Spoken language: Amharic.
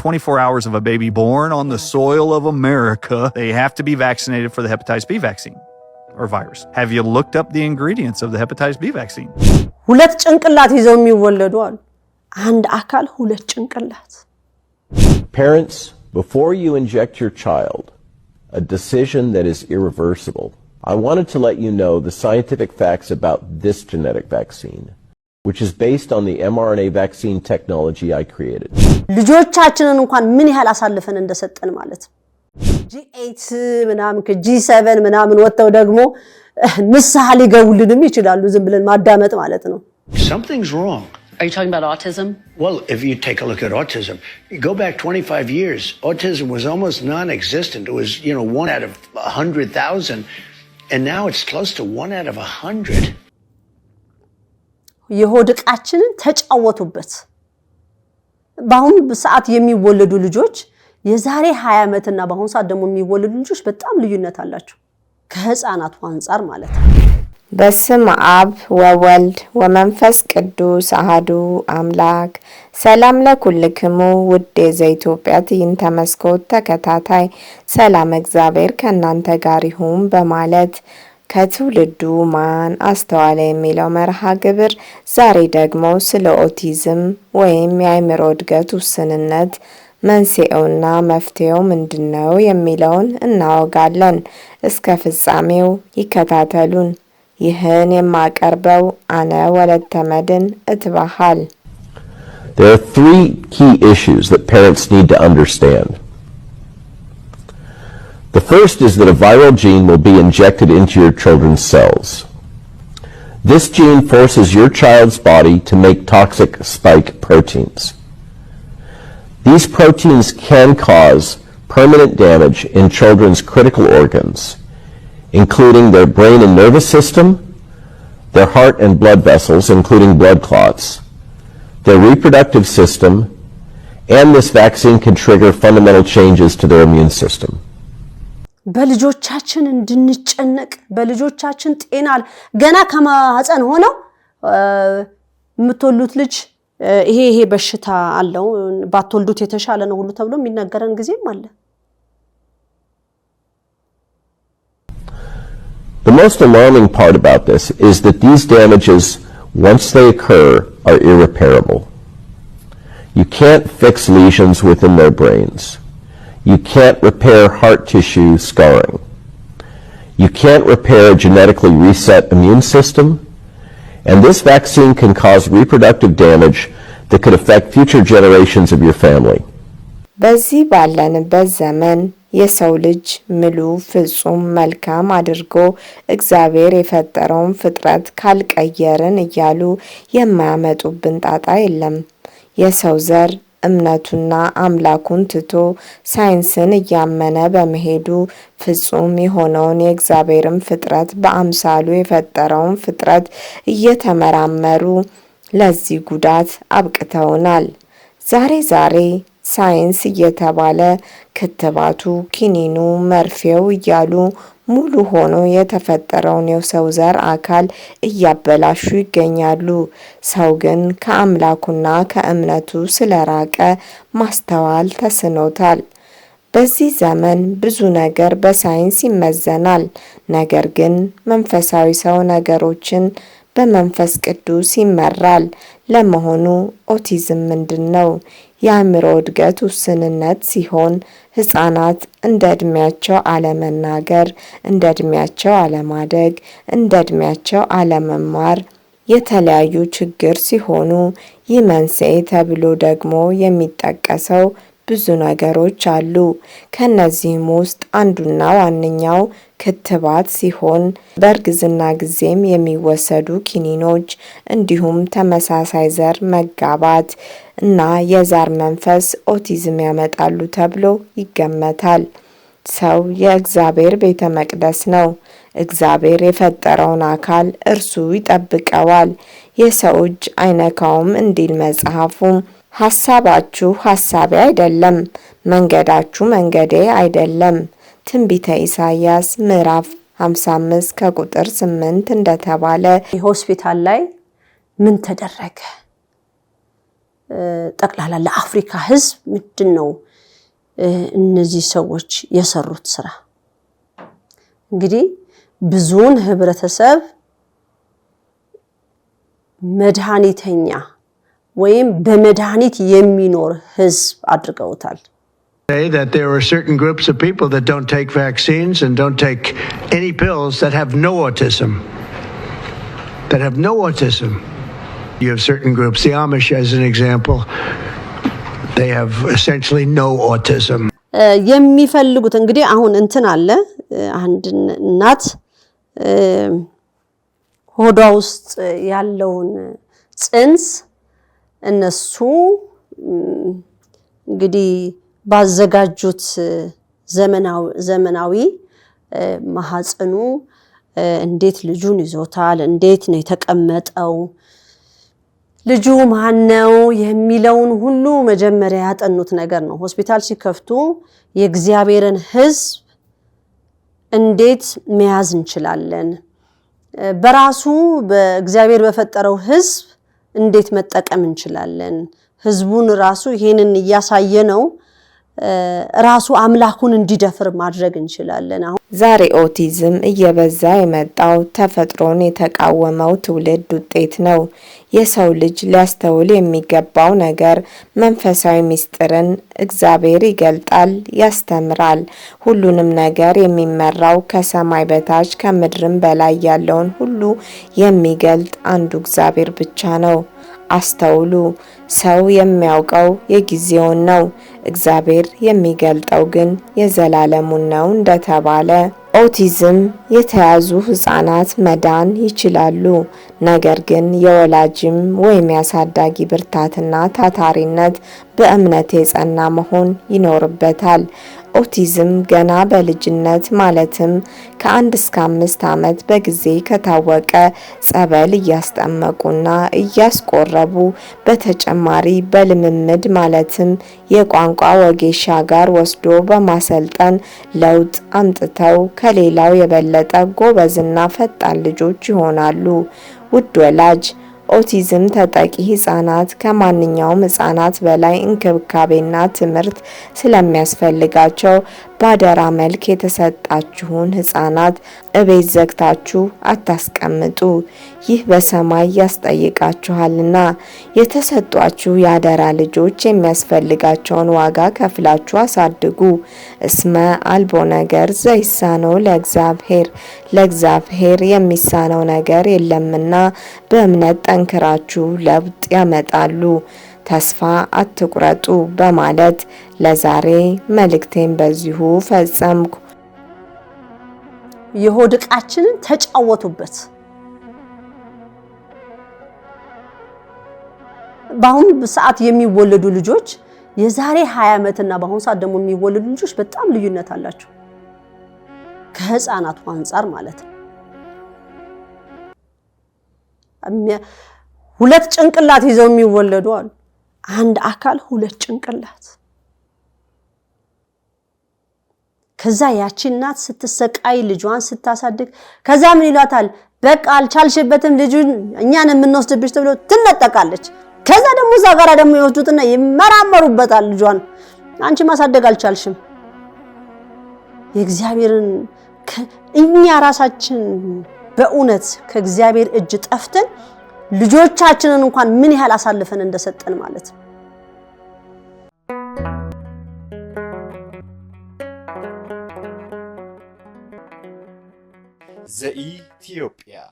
24 hours of a baby born on the soil of America, they have to be vaccinated for the hepatitis B vaccine or virus. Have you looked up the ingredients of the hepatitis B vaccine? ሁለት ጭንቅላት ይዘው የሚወለዱ አሉ። አንድ አካል ሁለት ጭንቅላት። Parents, before you inject your child, a decision that is irreversible. I wanted to let you know the scientific facts about this genetic vaccine which is based on the mRNA vaccine technology I created. ልጆቻችንን እንኳን ምን ያህል አሳልፈን እንደሰጠን ማለት ጂ8 ምናምን ከጂ7 ምናምን ወጥተው ደግሞ ንስሐ ሊገቡልንም ይችላሉ። ዝም ብለን ማዳመጥ ማለት ነው። Something's wrong. Are you talking about autism? Well, if you take a look at autism, you go back 25 years, autism was almost non-existent. It was, you know, one out of 100,000, and now it's close to one out of 100. የሆድ ዕቃችንን ተጫወቱበት። በአሁኑ ሰዓት የሚወለዱ ልጆች የዛሬ 20 ዓመትና በአሁኑ ሰዓት ደግሞ የሚወለዱ ልጆች በጣም ልዩነት አላቸው፣ ከህፃናቱ አንጻር ማለት ነው። በስም አብ ወወልድ ወመንፈስ ቅዱስ አህዱ አምላክ። ሰላም ለኩልክሙ ውድ ኢትዮጵያ ትዕይንተ መስኮት ተከታታይ ሰላም፣ እግዚአብሔር ከእናንተ ጋር ይሁን በማለት ከትውልዱ ማን አስተዋለ የሚለው መርሃ ግብር ዛሬ ደግሞ ስለ ኦቲዝም ወይም የአእምሮ እድገት ውስንነት መንስኤውና መፍትሄው ምንድን ነው የሚለውን እናወጋለን። እስከ ፍጻሜው ይከታተሉን። ይህን የማቀርበው አነ ወለተ መድን እትባሃል። There are three key issues that parents need to understand. The first is that a viral gene will be injected into your children's cells. This gene forces your child's body to make toxic spike proteins. These proteins can cause permanent damage in children's critical organs, including their brain and nervous system, their heart and blood vessels, including blood clots, their reproductive system, and this vaccine can trigger fundamental changes to their immune system. በልጆቻችን እንድንጨነቅ በልጆቻችን ጤና ገና ከማህፀን ሆነው የምትወሉት ልጅ ይሄ ይሄ በሽታ አለው ባትወልዱት የተሻለ ነው ሁሉ ተብሎ የሚነገረን ጊዜም አለ። The most alarming part about this is that these damages, once they occur, are irreparable. You can't fix lesions within their brains. you can't repair heart tissue scarring. You can't repair a genetically reset immune system. And this vaccine can cause reproductive damage that could affect future generations of your family. በዚህ ባለንበት ዘመን የሰው ልጅ ምሉ ፍጹም መልካም አድርጎ እግዚአብሔር የፈጠረውን ፍጥረት ካልቀየርን እያሉ የማያመጡብን ጣጣ የለም። የሰው ዘር እምነቱና አምላኩን ትቶ ሳይንስን እያመነ በመሄዱ ፍጹም የሆነውን የእግዚአብሔርን ፍጥረት በአምሳሉ የፈጠረውን ፍጥረት እየተመራመሩ ለዚህ ጉዳት አብቅተውናል። ዛሬ ዛሬ ሳይንስ እየተባለ ክትባቱ፣ ኪኒኑ፣ መርፌው እያሉ ሙሉ ሆኖ የተፈጠረውን የሰው ዘር አካል እያበላሹ ይገኛሉ። ሰው ግን ከአምላኩና ከእምነቱ ስለራቀ ማስተዋል ተስኖታል። በዚህ ዘመን ብዙ ነገር በሳይንስ ይመዘናል። ነገር ግን መንፈሳዊ ሰው ነገሮችን በመንፈስ ቅዱስ ይመራል። ለመሆኑ ኦቲዝም ምንድን ነው? የአእምሮ እድገት ውስንነት ሲሆን ህጻናት እንደ እድሜያቸው አለመናገር፣ እንደ እድሜያቸው አለማደግ፣ እንደ እድሜያቸው አለመማር የተለያዩ ችግር ሲሆኑ ይህ መንስኤ ተብሎ ደግሞ የሚጠቀሰው ብዙ ነገሮች አሉ። ከነዚህም ውስጥ አንዱና ዋነኛው ክትባት ሲሆን በእርግዝና ጊዜም የሚወሰዱ ኪኒኖች፣ እንዲሁም ተመሳሳይ ዘር መጋባት እና የዛር መንፈስ ኦቲዝም ያመጣሉ ተብሎ ይገመታል። ሰው የእግዚአብሔር ቤተ መቅደስ ነው። እግዚአብሔር የፈጠረውን አካል እርሱ ይጠብቀዋል፣ የሰው እጅ አይነካውም እንዲል መጽሐፉም ሐሳባችሁ ሐሳቤ አይደለም፣ መንገዳችሁ መንገዴ አይደለም። ትንቢተ ኢሳይያስ ምዕራፍ 55 ከቁጥር 8 እንደተባለ ሆስፒታል ላይ ምን ተደረገ? ጠቅላላ ለአፍሪካ ሕዝብ ምንድን ነው እነዚህ ሰዎች የሰሩት ስራ? እንግዲህ ብዙውን ህብረተሰብ መድኃኒተኛ ወይም በመድኃኒት የሚኖር ህዝብ አድርገውታል። that there are certain groups of people that don't take vaccines and don't take any pills that have no autism. That have no autism. You have certain groups, the Amish as an example, they have essentially no autism. የሚፈልጉት እንግዲህ አሁን እንትን አለ አንድ እናት ሆዷ ውስጥ ያለውን ጽንስ እነሱ እንግዲህ ባዘጋጁት ዘመናዊ ማህፀኑ እንዴት ልጁን ይዞታል፣ እንዴት ነው የተቀመጠው፣ ልጁ ማን ነው የሚለውን ሁሉ መጀመሪያ ያጠኑት ነገር ነው። ሆስፒታል ሲከፍቱ የእግዚአብሔርን ሕዝብ እንዴት መያዝ እንችላለን፣ በራሱ በእግዚአብሔር በፈጠረው ሕዝብ እንዴት መጠቀም እንችላለን? ህዝቡን ራሱ ይሄንን እያሳየ ነው ራሱ አምላኩን እንዲደፍር ማድረግ እንችላለን። አሁን ዛሬ ኦቲዝም እየበዛ የመጣው ተፈጥሮን የተቃወመው ትውልድ ውጤት ነው። የሰው ልጅ ሊያስተውል የሚገባው ነገር መንፈሳዊ ምስጢርን እግዚአብሔር ይገልጣል፣ ያስተምራል። ሁሉንም ነገር የሚመራው ከሰማይ በታች ከምድርም በላይ ያለውን ሁሉ የሚገልጥ አንዱ እግዚአብሔር ብቻ ነው። አስተውሉ። ሰው የሚያውቀው የጊዜውን ነው፣ እግዚአብሔር የሚገልጠው ግን የዘላለሙን ነው እንደተባለ ኦቲዝም የተያዙ ህጻናት መዳን ይችላሉ። ነገር ግን የወላጅም ወይም ያሳዳጊ ብርታትና ታታሪነት በእምነት የጸና መሆን ይኖርበታል። ኦቲዝም ገና በልጅነት ማለትም ከአንድ እስከ አምስት ዓመት በጊዜ ከታወቀ ጸበል እያስጠመቁና እያስቆረቡ በተጨማሪ በልምምድ ማለትም የቋንቋ ወጌሻ ጋር ወስዶ በማሰልጠን ለውጥ አምጥተው ከሌላው የበለጠ ጎበዝና ፈጣን ልጆች ይሆናሉ። ውድ ወላጅ ኦቲዝም ተጠቂ ህጻናት ከማንኛውም ህጻናት በላይ እንክብካቤና ትምህርት ስለሚያስፈልጋቸው በአደራ መልክ የተሰጣችሁን ህፃናት እቤት ዘግታችሁ አታስቀምጡ፣ ይህ በሰማይ ያስጠይቃችኋልና። የተሰጧችሁ የአደራ ልጆች የሚያስፈልጋቸውን ዋጋ ከፍላችሁ አሳድጉ። እስመ አልቦ ነገር ዘይሳነው ለእግዚአብሔር፣ ለእግዚአብሔር የሚሳነው ነገር የለምና። በእምነት ጠንክራችሁ ለውጥ ያመጣሉ። ተስፋ አትቁረጡ በማለት ለዛሬ መልእክቴን በዚሁ ፈጸምኩ። የሆድ ተጫወቱበት። በአሁኑ ሰዓት የሚወለዱ ልጆች የዛሬ 20 እና በአሁኑ ሰዓት ደግሞ የሚወለዱ ልጆች በጣም ልዩነት አላቸው። ከህፃናቱ አንጻር ማለት ነው። ሁለት ጭንቅላት ይዘው የሚወለዱ አሉ። አንድ አካል ሁለት ጭንቅላት። ከዛ ያቺ እናት ስትሰቃይ ልጇን ስታሳድግ፣ ከዛ ምን ይሏታል? በቃ አልቻልሽበትም፣ ልጁን እኛን የምንወስድብሽ ተብሎ ትነጠቃለች። ከዛ ደግሞ እዛ ጋር ደግሞ ይወስዱትና ይመራመሩበታል። ልጇን አንቺ ማሳደግ አልቻልሽም። የእግዚአብሔርን እኛ ራሳችን በእውነት ከእግዚአብሔር እጅ ጠፍተን ልጆቻችንን እንኳን ምን ያህል አሳልፈን እንደሰጠን ማለት ነው። ዘኢትዮጵያ